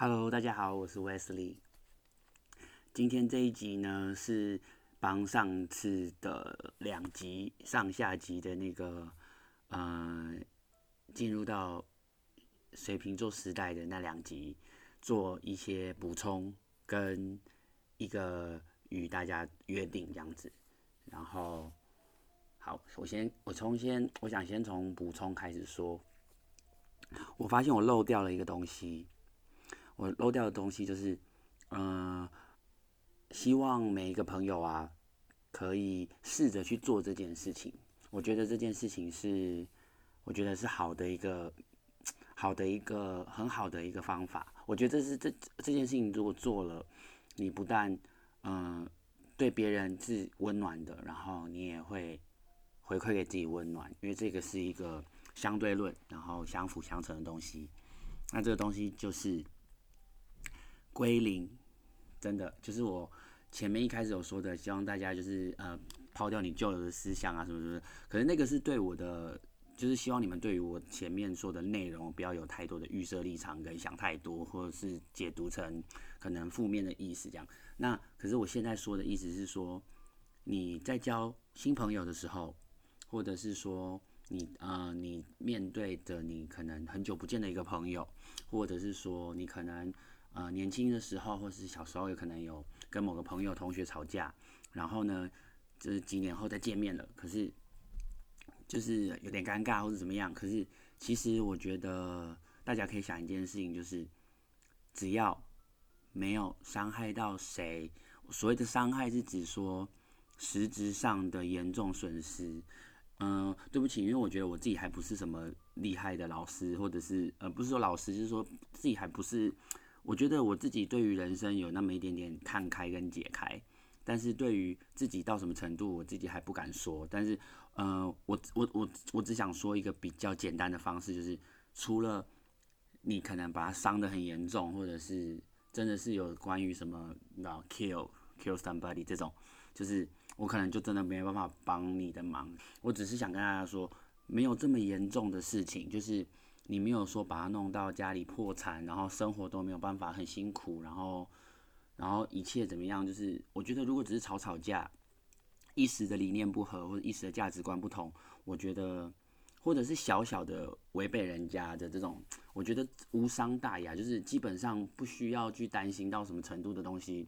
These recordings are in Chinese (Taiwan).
Hello，大家好，我是 Wesley。今天這一集呢，是幫上次的兩集上下集的那個，呃，進入到水瓶座時代的那兩集做一些補充，跟一個與大家約定這樣子。然後，好，我先我從先我想先從補充開始說，我發現我漏掉了一個東西。我漏掉的東西就是，嗯、呃，希望每一個朋友啊，可以試着去做這件事情。我覺得這件事情是，我覺得是好的一個，好的一個很好的一個方法。我覺得這是這這件事情如果做了，你不但嗯、呃，對別人是溫暖的，然後你也會回饋給自己溫暖，因為這個是一個相對論，然後相輔相成的東西。那這個東西就是。歸零，真的就是我前面一開始有說的，希望大家就是呃拋掉你舊有的思想啊，什麼什麼。可是那個是對我的，就是希望你們對於我前面說的內容不要有太多的預設立場跟想太多，或者是解讀成可能負面的意思這樣。那可是我現在說的意思是說，你在交新朋友的時候，或者是說你呃你面對的你可能很久不見的一個朋友，或者是說你可能。呃，年輕的時候，或是小時候，有可能有跟某個朋友、同學吵架，然後呢，就是幾年後再見面了，可是就是有點尷尬或者怎麼樣。可是其實我覺得大家可以想一件事情，就是只要沒有傷害到誰，所謂的傷害是指說實質上的嚴重損失。嗯、呃，對不起，因為我覺得我自己還不是什麼厲害的老師，或者是呃，不是說老師，就是說自己還不是。我覺得我自己對於人生有那麼一點點看開跟解開，但是對於自己到什麼程度，我自己還不敢說。但是，嗯、呃，我我我我只想說一個比較簡單的方式，就是除了你可能把它傷得很嚴重，或者是真的是有關於什麼叫 kill kill somebody 這種，就是我可能就真的沒有辦法幫你的忙。我只是想跟大家說，沒有這麼嚴重的事情，就是。你沒有說把他弄到家裡破產，然後生活都沒有辦法，很辛苦，然後，然後一切怎麼樣？就是我覺得，如果只是吵吵架，一時的理念不合或者一時的價值觀不同，我覺得，或者是小小的違背人家的這種，我覺得無傷大雅，就是基本上不需要去擔心到什麼程度的東西，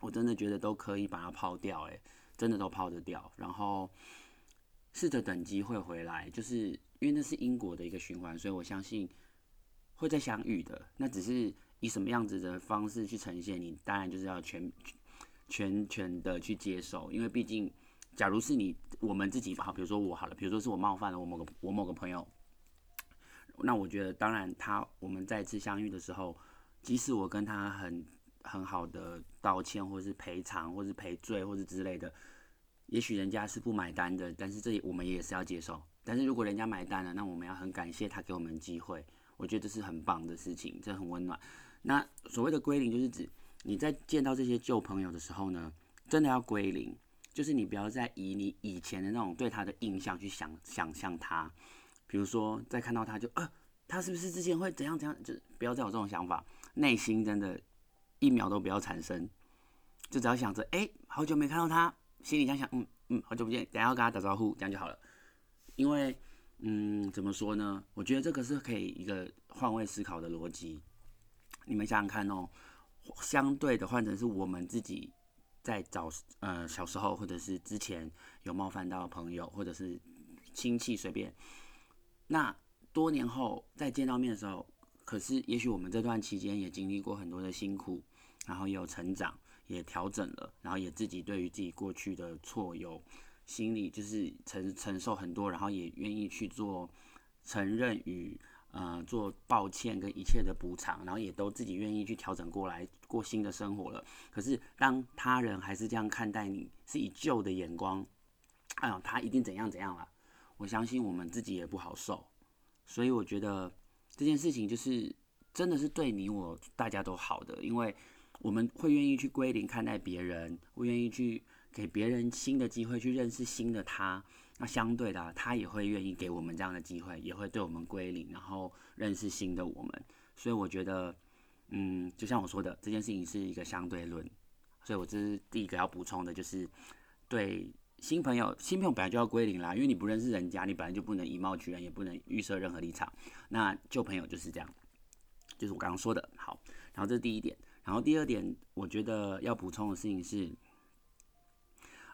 我真的覺得都可以把它拋掉、欸，誒，真的都拋得掉，然後試着等機會回來，就是。因為那是因果的一個循環，所以我相信會再相遇的。那只是以什麼樣子的方式去呈現你，當然就是要全全全的去接受。因為畢竟，假如是你我們自己好，比如說我好了，比如說是我冒犯了我某個我某個朋友，那我覺得當然他我們再次相遇的時候，即使我跟他很很好的道歉，或是賠償，或是賠罪，或是賠罪，或是之類的，也許人家是不買單的，但是這我們也是要接受。但是如果人家買單了，那我們要很感謝他給我們機會，我覺得這是很棒的事情，這很溫暖。那所謂的歸零，就是指你在見到這些舊朋友的時候呢，真的要歸零，就是你不要再以你以前的那種對他的印象去想想象他。比如說，在看到他就啊，他是不是之前會怎樣怎樣，就不要再有這種想法，內心真的一秒都不要產生，就只要想着，哎、欸，好久沒看到他，心裡想想，嗯嗯，好久不見，等一下要跟他打招呼，這樣就好了。因為，嗯，怎麼說呢？我覺得這個是可以一個換位思考的邏輯。你們想想看哦，相對的換成是我們自己在找，呃，小時候或者是之前有冒犯到朋友或者是親戚，隨便。那多年後再見到面的時候，可是也許我們這段期間也經歷過很多的辛苦，然後也有成長，也調整了，然後也自己對於自己過去的錯有。心裡就是承承受很多，然後也願意去做承認與呃做抱歉跟一切的補償，然後也都自己願意去調整過來過新的生活了。可是當他人還是這樣看待你，是以舊的眼光，哎呀，他一定怎樣怎樣了。我相信我們自己也不好受，所以我覺得這件事情就是真的是對你我大家都好的，因為我們會願意去歸零看待別人，會願意去。給別人新的機會去認識新的他，那相對的啊，他也會願意給我們這樣的機會，也會對我們歸零，然後認識新的我們。所以我覺得，嗯，就像我說的，這件事情是一個相對論。所以，我這是第一個要補充的，就是對新朋友，新朋友本來就要歸零啦，因為你不認識人家，你本來就不能以貌取人，也不能預設任何立場。那舊朋友就是這樣，就是我剛剛說的。好，然後這是第一點，然後第二點，我覺得要補充的事情是。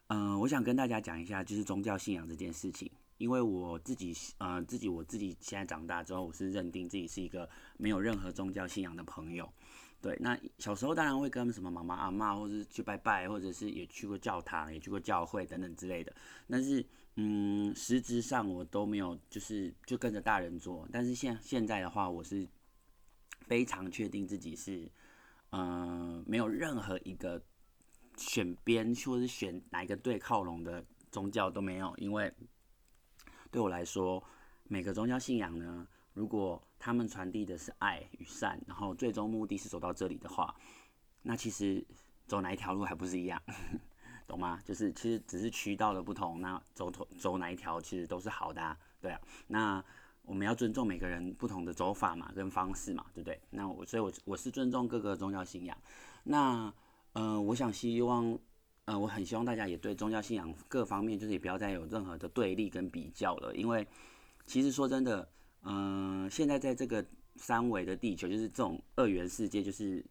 嗯、呃，我想跟大家講一下，就是宗教信仰這件事情。因為我自己，呃，自己我自己現在長大之後，我是認定自己是一個沒有任何宗教信仰的朋友。對，那小時候當然會跟什麼媽媽、阿嬤，或者是去拜拜，或者是也去過教堂、也去過教會等等之類的。但是，嗯，實質上我都沒有、就是，就是就跟着大人做。但是現現在的話，我是非常確定自己是，嗯、呃，沒有任何一個。選邊或是選哪一個隊靠攏的宗教都沒有，因為對我來說，每個宗教信仰呢，如果他們傳遞的是愛與善，然後最終目的是走到這裡的話，那其實走哪一條路還不是一樣，呵呵懂嗎？就是其實只是渠道的不同，那走同走哪一條其實都是好的啊，對啊。那我們要尊重每個人不同的走法嘛，跟方式嘛，對不對？那我所以我，我我是尊重各個宗教信仰，那。嗯、呃，我想希望，呃，我很希望大家也對宗教信仰各方面，就是也不要再有任何的對立跟比較了，因為其實說真的，嗯、呃，現在在這個三維的地球，就是這種二元世界，就是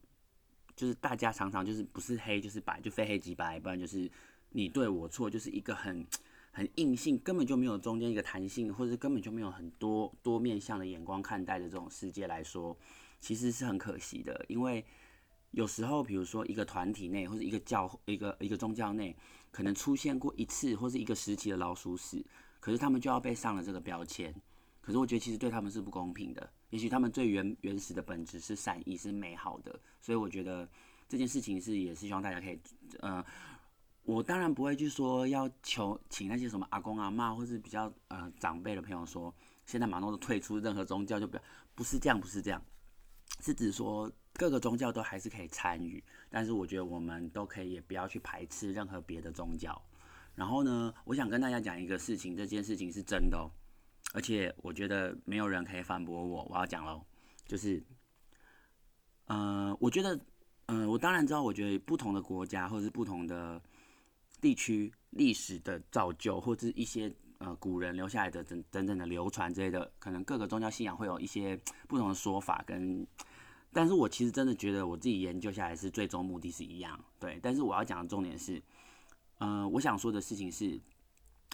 就是大家常常就是不是黑就是白，就非黑即白，不然就是你對我錯，就是一個很很硬性，根本就沒有中間一個彈性，或者是根本就沒有很多多面向的眼光看待的這種世界來說，其實是很可惜的，因為。有時候，比如說一個團體內，或是一個教、一個一個宗教內，可能出現過一次或是一個時期的老鼠屎，可是他們就要被上了這個標籤。可是我覺得其實對他們是不公平的。也許他們最原原始的本質是善意，是美好的。所以我覺得這件事情是也是希望大家可以，呃，我當然不會去說要求請那些什麼阿公阿嬤，或是比較呃長輩的朋友說，現在馬上都退出任何宗教就，就表不是這樣，不是這樣，是指說。各個宗教都還是可以參與，但是我覺得我們都可以也不要去排斥任何別的宗教。然後呢，我想跟大家講一個事情，這件事情是真的哦，而且我覺得沒有人可以反駁我。我要講嘍，就是，呃，我覺得，呃，我當然知道，我覺得不同的國家或者是不同的地區歷史的造就，或者是一些呃古人留下來的真真正的流傳之類的，可能各個宗教信仰會有一些不同的說法跟。但是我其實真的覺得，我自己研究下來是最終目的是一樣，對。但是我要講的重點是，嗯，我想說的事情是，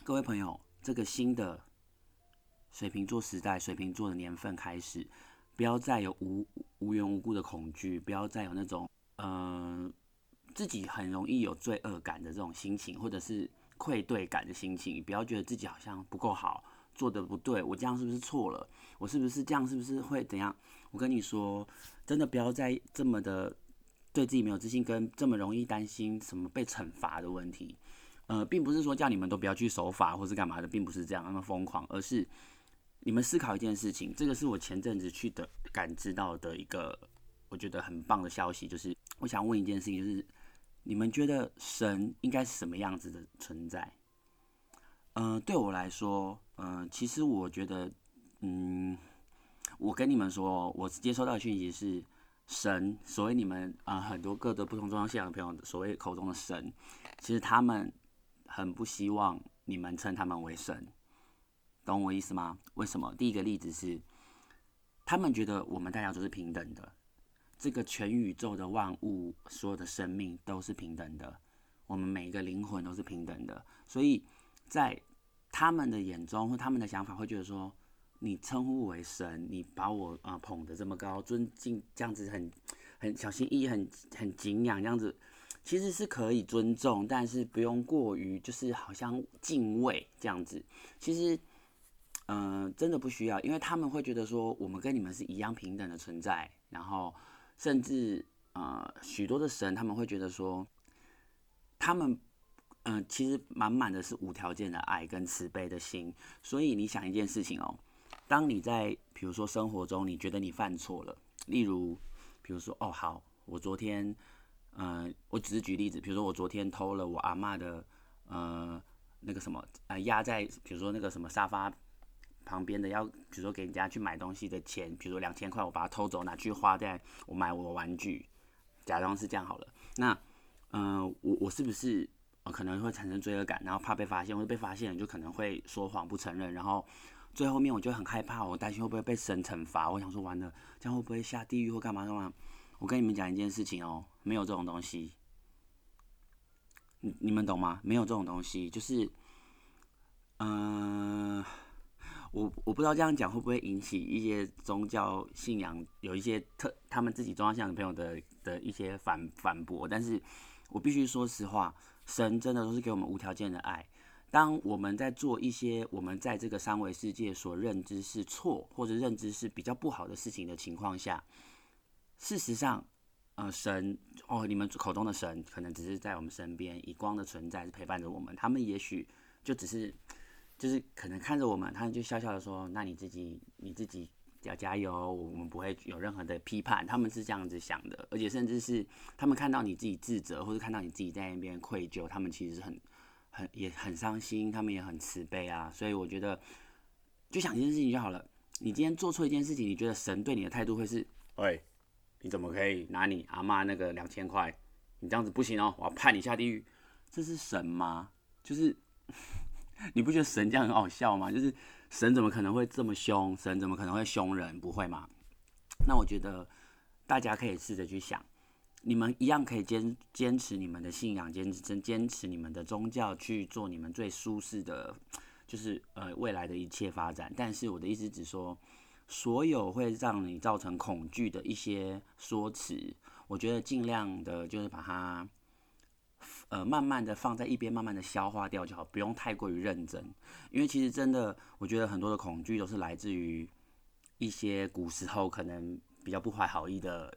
各位朋友，這個新的水瓶座時代，水瓶座的年份開始，不要再有無無緣無故的恐懼，不要再有那種嗯、呃、自己很容易有罪惡感的這種心情，或者是愧對感的心情，不要覺得自己好像不夠好。做得不對，我這樣是不是錯了？我是不是這樣是不是會怎樣？我跟你說，真的不要再這麼的對自己沒有自信，跟這麼容易擔心什麼被懲罰的問題。呃，並不是說叫你們都不要去守法或是幹嘛的，並不是這樣那麼瘋狂，而是你們思考一件事情。這個是我前陣子去的感知到的一個我覺得很棒的消息，就是我想問一件事情，就是你們覺得神應該是什麼樣子的存在？嗯，對我來說。嗯、呃，其實我覺得，嗯，我跟你們說，我接收到的訊息是神，所以你們啊、呃，很多各的不同宗教信仰的朋友，所謂口中的神，其實他們很不希望你們稱他們為神，懂我意思嗎？為什麼？第一個例子是，他們覺得我們大家都是平等的，這個全宇宙的萬物，所有的生命都是平等的，我們每一個靈魂都是平等的，所以在。他們的眼中或他們的想法會覺得說，你稱呼為神，你把我啊、呃、捧得這麼高，尊敬這樣子很很小心翼翼，很很敬仰這樣子，其實是可以尊重，但是不用過於就是好像敬畏這樣子。其實，嗯、呃，真的不需要，因為他們會覺得說，我們跟你們是一樣平等的存在。然後，甚至啊，許、呃、多的神，他們會覺得說，他們。嗯，其實滿滿的是無條件的愛跟慈悲的心，所以你想一件事情哦、喔，當你在比如說生活中，你覺得你犯錯了，例如，比如說哦好，我昨天，嗯、呃，我只是舉例子，比如說我昨天偷了我阿嬤的，呃，那個什麼，呃，壓在比如說那個什麼沙發旁邊的要，比如說給人家去買東西的錢，比如說兩千塊我把它偷走拿去花在我買我的玩具，假裝是這樣好了，那，嗯、呃，我我是不是？我可能會產生罪惡感，然後怕被發現，會被發現就可能會說謊不承認，然後最後面我就很害怕，我擔心會不會被神懲罰，我想說完了，這樣會不會下地獄或幹嘛幹嘛？我跟你們講一件事情哦，沒有這種東西，你你們懂嗎？沒有這種東西，就是，嗯，我我不知道這樣講會不會引起一些宗教信仰有一些特他們自己宗教信仰的朋友的的一些反反駁，但是我必須說實話。神真的都是給我們無條件的愛。當我們在做一些我們在這個三維世界所認知是錯，或者認知是比較不好的事情的情況下，事實上，呃，神哦，你們口中的神可能只是在我們身邊，以光的存在陪伴着我們。他們也許就只是，就是可能看着我們，他們就笑笑的說：“那你自己，你自己。”要加油，我們不會有任何的批判，他們是這樣子想的，而且甚至是他們看到你自己自責，或者看到你自己在那邊愧疚，他們其實是很、很也很傷心，他們也很慈悲啊。所以我覺得，就想一件事情就好了。你今天做錯一件事情，你覺得神對你的態度會是：喂，你怎麼可以拿你阿媽那個兩千塊？你這樣子不行哦，我要判你下地獄。這是神嗎？就是 你不覺得神這樣很好笑嗎？就是。神怎麼可能會這麼兇？神怎麼可能會凶人？不會嗎？那我覺得大家可以試着去想，你們一樣可以堅堅持你們的信仰，堅持堅堅持你們的宗教，去做你們最舒適的，就是呃未來的一切發展。但是我的意思只說，所有會讓你造成恐懼的一些說辭，我覺得盡量的，就是把它。呃，慢慢的放在一邊，慢慢的消化掉就好，不用太過於認真。因為其實真的，我覺得很多的恐懼都是來自於一些古時候可能比較不懷好意的，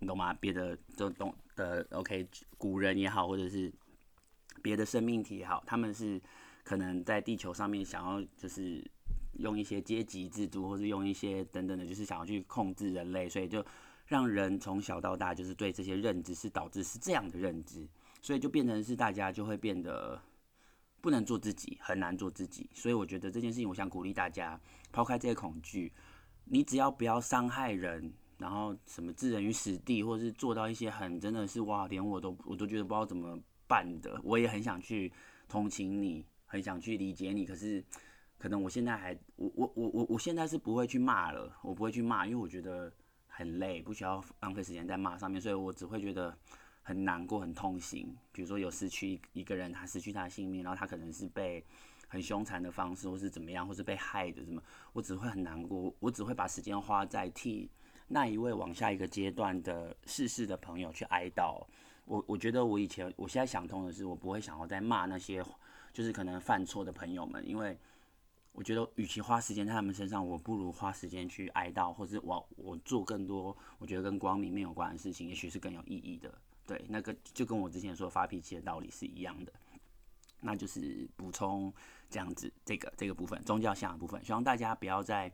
你懂嗎？別的就懂的、呃、，OK，古人也好，或者是別的生命體也好，他們是可能在地球上面想要就是用一些階級制度，或是用一些等等的，就是想要去控制人類，所以就讓人從小到大就是對這些認知是導致是這樣的認知。所以就變成是大家就會變得不能做自己，很難做自己。所以我覺得這件事情，我想鼓勵大家拋開這些恐懼。你只要不要傷害人，然後什麼置人於死地，或者是做到一些很真的是哇，連我都我都覺得不知道怎麼辦的。我也很想去同情你，很想去理解你。可是可能我現在還我我我我我現在是不會去罵了，我不會去罵，因為我覺得很累，不需要浪費時間在罵上面。所以我只會覺得。很難過，很痛心。比如說有失去一個人，他失去他的性命，然後他可能是被很兇殘的方式，或是怎麼樣，或是被害的什麼，我只會很難過，我只會把時間花在替那一位往下一個階段的逝世的朋友去哀悼。我我覺得我以前，我現在想通的是，我不會想要再罵那些就是可能犯錯的朋友們，因為我覺得與其花時間在他們身上，我不如花時間去哀悼，或是我我做更多我覺得跟光明面有關的事情，也許是更有意義的。對，那個就跟我之前說發脾氣的道理是一樣的，那就是補充這樣子這個這個部分，宗教信仰的部分，希望大家不要再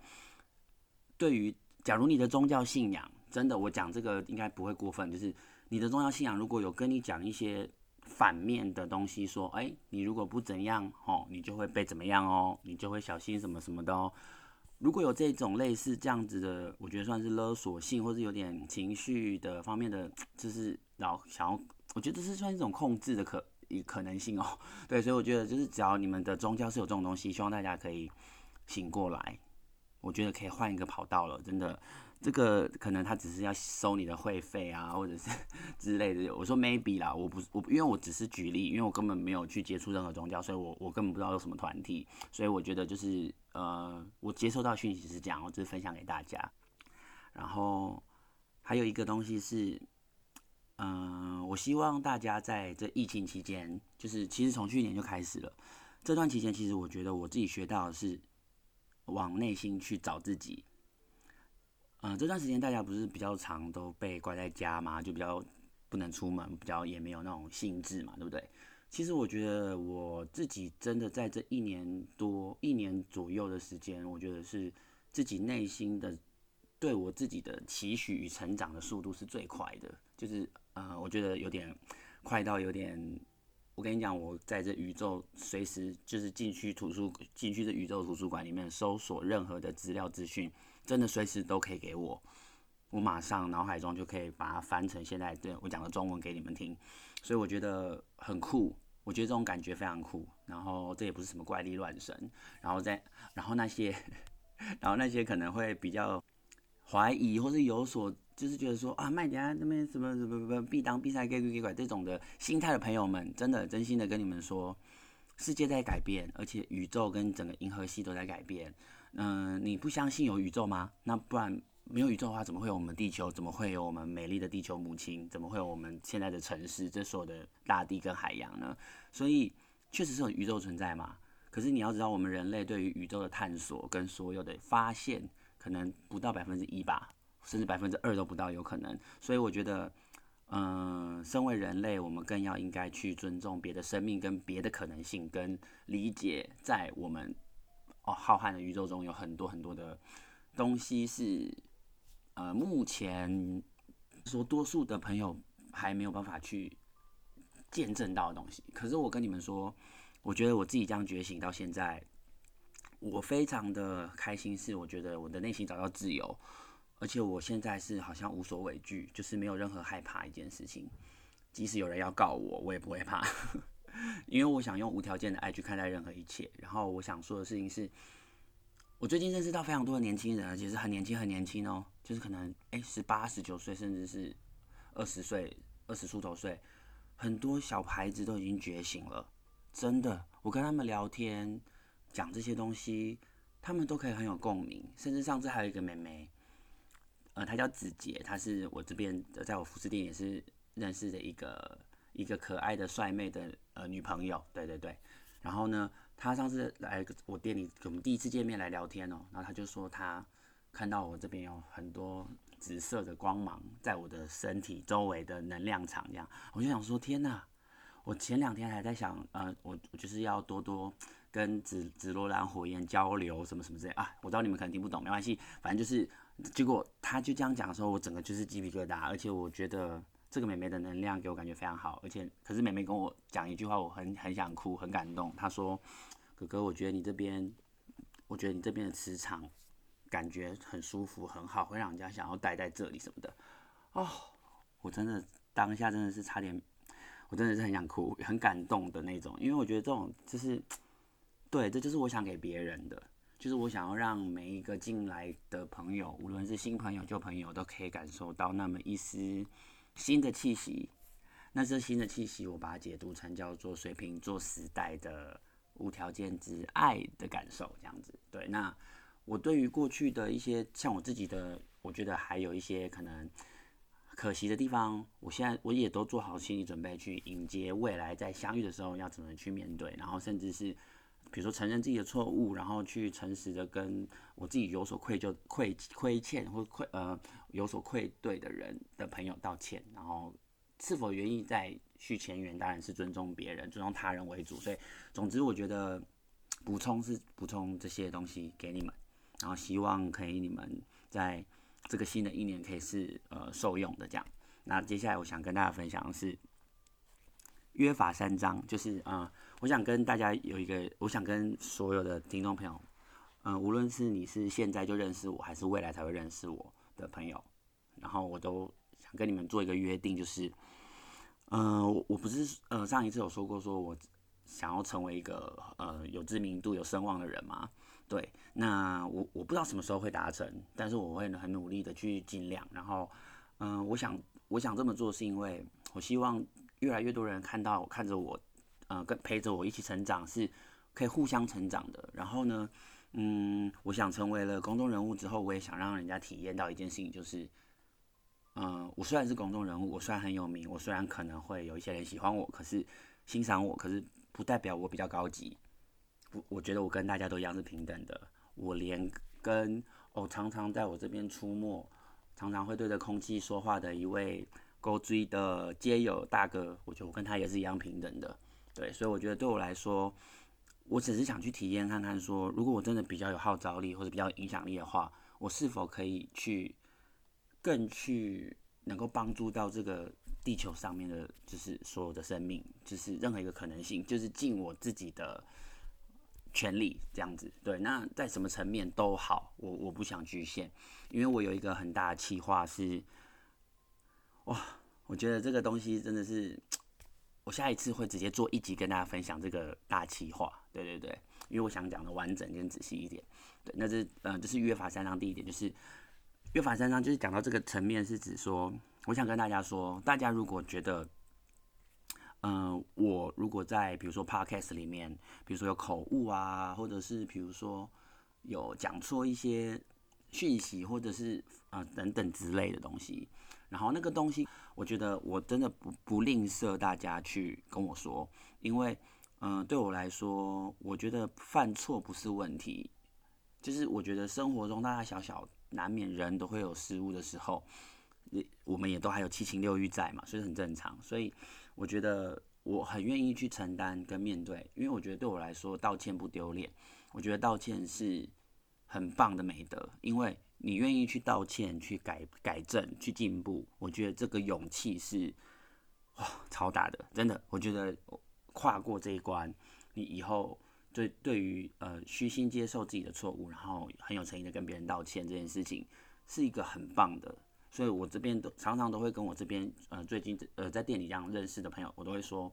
對於假如你的宗教信仰真的，我講這個應該不會過分，就是你的宗教信仰如果有跟你講一些反面的東西，說哎，你如果不怎樣哦，你就會被怎麼樣哦，你就會小心什麼什麼的哦，如果有這種類似這樣子的，我覺得算是勒索性或是有點情緒的方面的，就是。然後想要，我覺得這是算一種控制，的可以可能性哦。對，所以我覺得就是只要你們的宗教是有這種東西，希望大家可以醒過來。我覺得可以換一個跑道了，真的。這個可能他只是要收你的會費啊，或者是之類的。我說 maybe 啦，我不我因為我只是舉例，因為我根本沒有去接觸任何宗教，所以我我根本不知道有什麼團體。所以我覺得就是呃，我接收到訊息是這樣，我就分享給大家。然後還有一個東西是。嗯，我希望大家在這疫情期間，就是其實從去年就開始了這段期間，其實我覺得我自己學到的是往內心去找自己。嗯，這段時間大家不是比較常都被關在家嘛，就比較不能出門，比較也沒有那種興致嘛，對不對？其實我覺得我自己真的在這一年多一年左右的時間，我覺得是自己內心的、對我自己的期許與成長的速度是最快的，就是。呃、嗯，我覺得有點快到有點，我跟你講，我在這宇宙隨時就是進去圖書進去這宇宙圖書館裡面搜索任何的資料資訊，真的隨時都可以給我，我馬上腦海中就可以把它翻成現在對我講的中文給你們聽，所以我覺得很酷，我覺得這種感覺非常酷，然後這也不是什麼怪力亂神，然後在然後那些 然後那些可能會比較。懷疑或是有所就是覺得說啊，賣家、啊、那邊什麼什麼什麼必當必殺概率給拐這種的心態的朋友們，真的真心的跟你們說，世界在改變，而且宇宙跟整個銀河系都在改變。嗯、呃，你不相信有宇宙嗎？那不然沒有宇宙的話，怎麼會有我們地球？怎麼會有我們美麗的地球母親？怎麼會有我們現在的城市？這所有的大地跟海洋呢？所以確實是有宇宙存在嘛。可是你要知道，我們人類對於宇宙的探索跟所有的發現。可能不到百分之一吧，甚至百分之二都不到，有可能。所以我覺得，嗯、呃，身為人類，我們更要應該去尊重別的生命、跟別的可能性、跟理解，在我們哦浩瀚的宇宙中，有很多很多的東西是，呃，目前說多數的朋友還沒有辦法去見證到的東西。可是我跟你們說，我覺得我自己這樣覺醒到現在。我非常的開心，是我覺得我的內心找到自由，而且我現在是好像無所畏懼，就是沒有任何害怕一件事情，即使有人要告我，我也不會怕， 因為我想用無條件的愛去看待任何一切。然後我想說的事情是，我最近認識到非常多的年輕人，而且是很年輕，很年輕哦、喔，就是可能誒，十八、十九歲，甚至是二十歲、二十出頭歲，很多小孩子都已經覺醒了，真的，我跟他們聊天。講這些東西，他們都可以很有共鳴。甚至上次還有一個妹妹，呃，她叫子杰，她是我這邊在我服飾店也是認識的一個一個可愛的帥妹的呃女朋友。對對對。然後呢，她上次來我店裡，我們第一次見面來聊天哦，然後她就說她看到我這邊有很多紫色的光芒在我的身體周圍的能量場這樣。我就想說，天哪！我前兩天還在想，呃，我我就是要多多。跟紫紫羅蘭火焰交流什麼什麼之類啊，我知道你們可能聽不懂，沒關係，反正就是，結果他就這樣講的時候，我整個就是雞皮疙瘩，而且我覺得這個妹妹的能量給我感覺非常好，而且可是妹妹跟我講一句話，我很很想哭，很感動。她說：“哥哥我，我覺得你這邊，我覺得你這邊的磁場感覺很舒服，很好，會讓人家想要待在這裡什麼的。”哦，我真的當下真的是差點，我真的是很想哭，很感動的那種，因為我覺得這種就是。對，這就是我想給別人的，就是我想要讓每一個進來的朋友，無論是新朋友、舊朋友，都可以感受到那麼一絲新的氣息。那這新的氣息，我把它解讀成叫做水瓶座時代的無條件之愛的感受，這樣子。對，那我對於過去的一些，像我自己的，我覺得還有一些可能可惜的地方，我現在我也都做好心理準備，去迎接未來在相遇的時候要怎麼去面對，然後甚至是。比如說承認自己的錯誤，然後去誠實的跟我自己有所愧疚、愧、虧欠或愧呃有所愧對的人的朋友道歉，然後是否願意再續前緣，當然是尊重別人、尊重他人為主。所以，總之我覺得補充是補充這些東西給你們，然後希望可以你們在這個新的一年可以是呃受用的這樣。那接下來我想跟大家分享的是約法三章，就是啊。呃我想跟大家有一個，我想跟所有的聽眾朋友，嗯、呃，無論是你是現在就認識我還是未來才會認識我的朋友，然後我都想跟你們做一個約定，就是，呃，我不是呃上一次有說過說我想要成為一個呃有知名度、有聲望的人嗎？對，那我我不知道什麼時候會達成，但是我會很努力的去盡量，然後，嗯、呃，我想我想這麼做是因為我希望越來越多人看到我，看着我。嗯、呃，跟陪着我一起成長，是可以互相成長的。然後呢，嗯，我想成為了公眾人物之後，我也想讓人家體驗到一件事情，就是，嗯、呃，我雖然是公眾人物，我雖然很有名，我雖然可能會有一些人喜歡我，可是欣賞我，可是不代表我比較高級。我，我覺得我跟大家都一樣是平等的。我連跟哦，常常在我這邊出沒，常常會對着空氣說話的一位 g o 的街友大哥，我覺得我跟他也是一樣平等的。對，所以我覺得對我來說，我只是想去體驗看看說，說如果我真的比較有號召力或者比較有影響力的話，我是否可以去更去能夠幫助到這個地球上面的，就是所有的生命，就是任何一個可能性，就是盡我自己的全力這樣子。對，那在什麼層面都好，我我不想局限，因為我有一個很大的企劃是，哇，我覺得這個東西真的是。我下一次會直接做一集跟大家分享這個大企劃。對對對，因為我想講的完整跟仔細一點。對，那是呃，這、就是約法三章第一點，就是約法三章就是講到這個層面，是指說我想跟大家說，大家如果覺得，呃，我如果在比如說 podcast 裡面，比如說有口誤啊，或者是比如說有講錯一些訊息，或者是啊、呃、等等之類的東西，然後那個東西。我覺得我真的不不吝嗇大家去跟我說，因為嗯，對我來說，我覺得犯錯不是問題，就是我覺得生活中大大小小難免人都會有失誤的時候，我們也都還有七情六欲在嘛，所以很正常。所以我覺得我很願意去承擔跟面對，因為我覺得對我來說道歉不丟臉，我覺得道歉是很棒的美德，因為。你願意去道歉，去改，改正、去進步，我覺得這個勇氣是哇超大的，真的。我覺得跨過這一關，你以後對對於呃虛心接受自己的錯誤，然後很有誠意的跟別人道歉這件事情，是一個很棒的。所以我這邊都常常都會跟我這邊呃最近呃在店裡這樣認識的朋友，我都會說，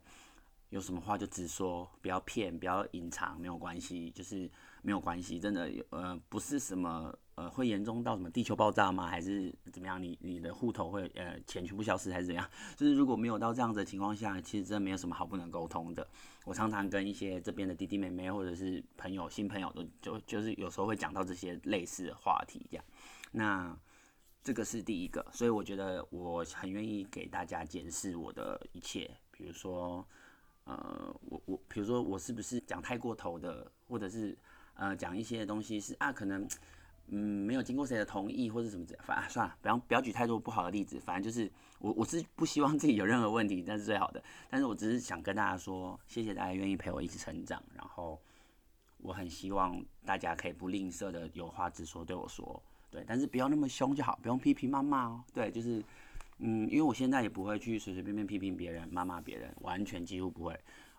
有什麼話就直說，不要騙，不要隱藏，沒有關係，就是沒有關係，真的有呃不是什麼。呃，會嚴重到什麼地球爆炸嗎？還是怎麼樣？你你的戶頭會呃錢全部消失還是怎樣？就是如果沒有到這樣的情況下，其實真的沒有什麼好不能溝通的。我常常跟一些這邊的弟弟妹妹或者是朋友新朋友，都就就是有時候會講到這些類似的話題這樣。那這個是第一個，所以我覺得我很願意給大家檢視我的一切，比如說呃我我比如說我是不是講太過頭的，或者是呃講一些東西是啊可能。嗯，沒有經過誰的同意或者什麼，反正算了，不要不要舉太多不好的例子，反正就是我我是不希望自己有任何問題，那是最好的。但是我只是想跟大家說，謝謝大家願意陪我一起成長，然後我很希望大家可以不吝嗇的有話直說對我說，對，但是不要那麼凶就好，不用批評罵罵哦，對，就是嗯，因為我現在也不會去隨隨便便批評別人、罵罵別人，完全幾乎不會。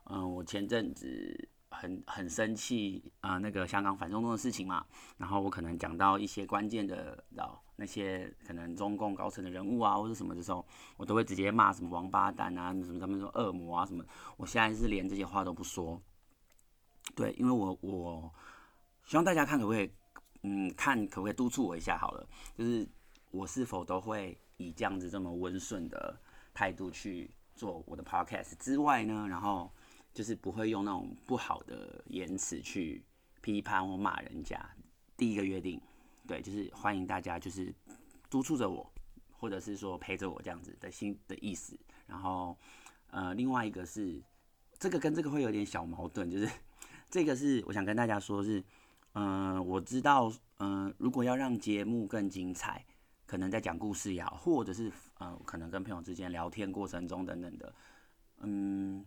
嗯，我前陣子。很很生氣啊、呃，那個香港反送中的事情嘛，然後我可能講到一些關鍵的，然後那些可能中共高層的人物啊，或者什麼的時候，我都會直接罵什麼王八蛋啊，什麼他們說惡魔啊什麼。我現在是連這些話都不說，對，因為我我希望大家看可不可以，嗯，看可不可以督促我一下好了，就是我是否都會以這樣子這麼溫順的態度去做我的 podcast 之外呢，然後。就是不會用那種不好的言辭去批判或罵人家。第一個約定，對，就是歡迎大家，就是督促着我，或者是說陪着我這樣子的心的意思。然後，呃，另外一個是，這個跟這個會有點小矛盾，就是這個是我想跟大家說，是，嗯、呃，我知道，嗯、呃，如果要讓節目更精彩，可能在講故事也好，或者是，嗯、呃，可能跟朋友之間聊天過程中等等的，嗯。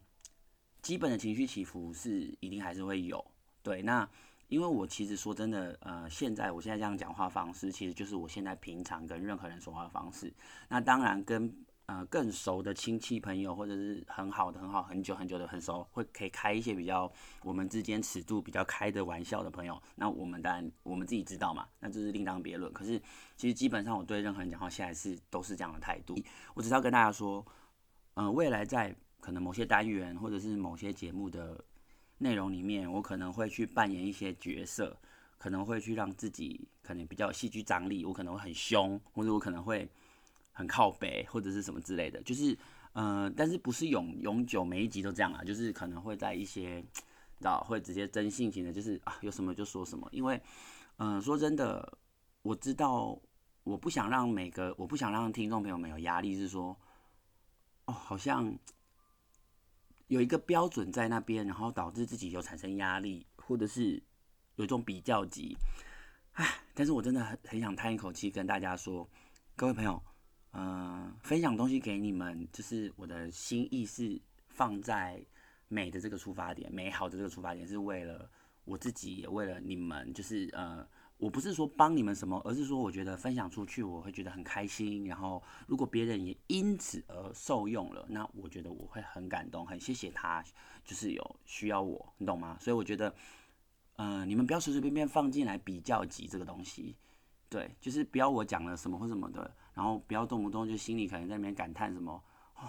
基本的情緒起伏是一定還是會有，對。那因為我其實說真的，呃，現在我現在這樣講話方式，其實就是我現在平常跟任何人說話的方式。那當然跟呃更熟的親戚朋友，或者是很好的、很好、很久很久的很熟，會可以開一些比較我們之間尺度比較開的玩笑的朋友，那我們當然我們自己知道嘛，那這是另當別論。可是其實基本上我對任何人講話，現在是都是這樣的態度。我只要跟大家說，嗯，未來在。可能某些單元或者是某些節目的內容裡面，我可能會去扮演一些角色，可能會去讓自己可能比較有戲劇張力。我可能會很凶，或者我可能會很靠北，或者是什麼之類的。就是，嗯、呃，但是不是永永久每一集都這樣啊？就是可能會在一些，你知道會直接真性情的，就是啊，有什麼就說什麼。因為，嗯、呃，說真的，我知道我不想讓每個，我不想讓聽眾朋友們有壓力，是說，哦，好像。有一個標準在那邊，然後導致自己有產生壓力，或者是有一種比較級，唉，但是我真的很很想嘆一口氣，跟大家說，各位朋友，嗯、呃，分享東西給你們，就是我的心意是放在美的這個出發點，美好的這個出發點，是為了我自己，也為了你們，就是呃。我不是說幫你們什麼，而是說我覺得分享出去我會覺得很開心，然後如果別人也因此而受用了，那我覺得我會很感動，很謝謝他，就是有需要我，你懂嗎？所以我覺得，嗯、呃，你們不要隨隨便便放進來比較級這個東西，對，就是不要我講了什麼或什麼的，然後不要動不動就心裡可能在裡面感嘆什麼、哦，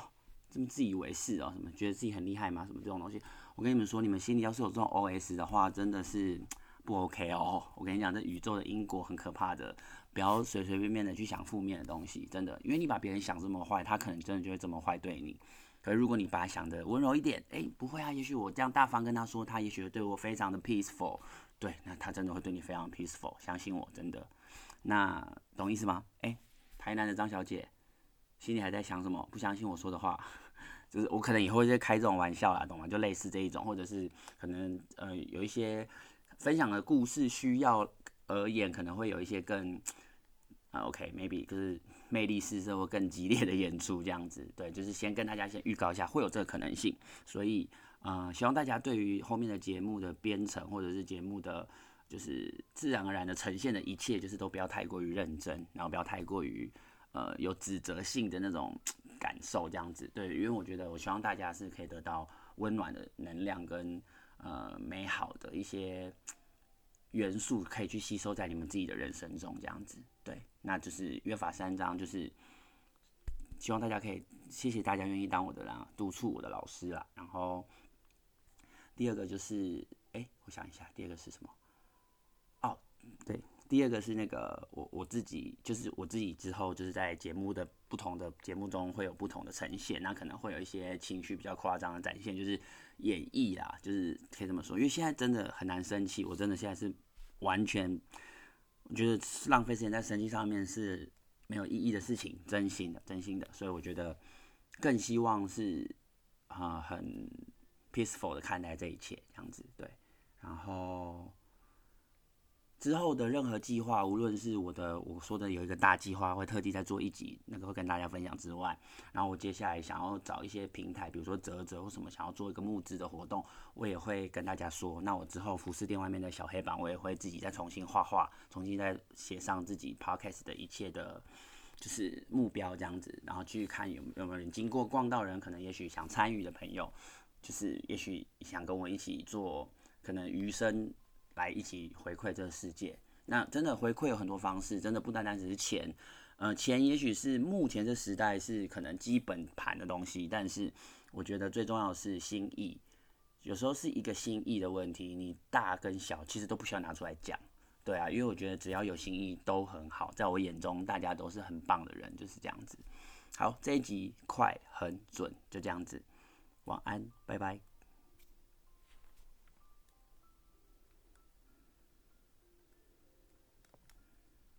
這麼自以為是哦，什麼覺得自己很厲害嗎？什麼這種東西，我跟你們說，你們心裡要是有這種 OS 的話，真的是。不 OK 哦，我跟你講，這宇宙的因果很可怕的，不要隨隨便便的去想負面的東西，真的，因為你把別人想這麼壞，他可能真的就會這麼壞對你。可是如果你把他想的溫柔一點，哎、欸，不會啊，也許我這樣大方跟他說，他也許會對我非常的 peaceful，對，那他真的會對你非常 peaceful，相信我，真的，那懂意思嗎？哎、欸，台南的張小姐，心裡還在想什麼？不相信我說的話，就是我可能以後會再開這種玩笑啦，懂嗎？就類似這一種，或者是可能呃有一些。分享的故事需要而言，可能會有一些更啊、uh,，OK，maybe、okay, 就是魅力四射或更激烈的演出這樣子，對，就是先跟大家先預告一下會有這個可能性，所以呃，希望大家對於後面的節目的編程或者是節目的就是自然而然的呈現的一切，就是都不要太過於認真，然後不要太過於呃有指責性的那種感受這樣子，對，因為我覺得我希望大家是可以得到溫暖的能量跟。呃，美好的一些元素可以去吸收在你們自己的人生中，這樣子，對，那就是約法三章，就是希望大家可以，謝謝大家願意當我的人啊，督促我的老師啦。然後第二個就是，哎、欸，我想一下，第二個是什麼？哦、oh,，對。第二個是那個我我自己，就是我自己之後就是在節目的不同的節目中會有不同的呈現，那可能會有一些情緒比較誇張的展現，就是演繹啦，就是可以這麼說。因為現在真的很難生氣，我真的現在是完全，我覺得浪費時間在生氣上面是沒有意義的事情，真心的，真心的。所以我覺得更希望是啊、呃，很 peaceful 的看待這一切，這樣子對，然後。之後的任何計劃，無論是我的我說的有一個大計劃，會特地再做一集，那個會跟大家分享之外，然後我接下來想要找一些平台，比如說嘖嘖、或什麼，想要做一個募資的活動，我也會跟大家說。那我之後服飾店外面的小黑板，我也會自己再重新畫畫，重新再寫上自己 podcast 的一切的，就是目標這樣子，然後去看有有沒有人經過逛到人，可能也許想參與的朋友，就是也許想跟我一起做，可能餘生。來一起回饋這個世界，那真的回饋有很多方式，真的不單單只是錢，嗯、呃，錢也許是目前這時代是可能基本盤的東西，但是我覺得最重要的是心意，有時候是一個心意的問題，你大跟小其實都不需要拿出來講，對啊，因為我覺得只要有心意都很好，在我眼中大家都是很棒的人，就是這樣子。好，這一集快狠準，就這樣子，晚安，拜拜。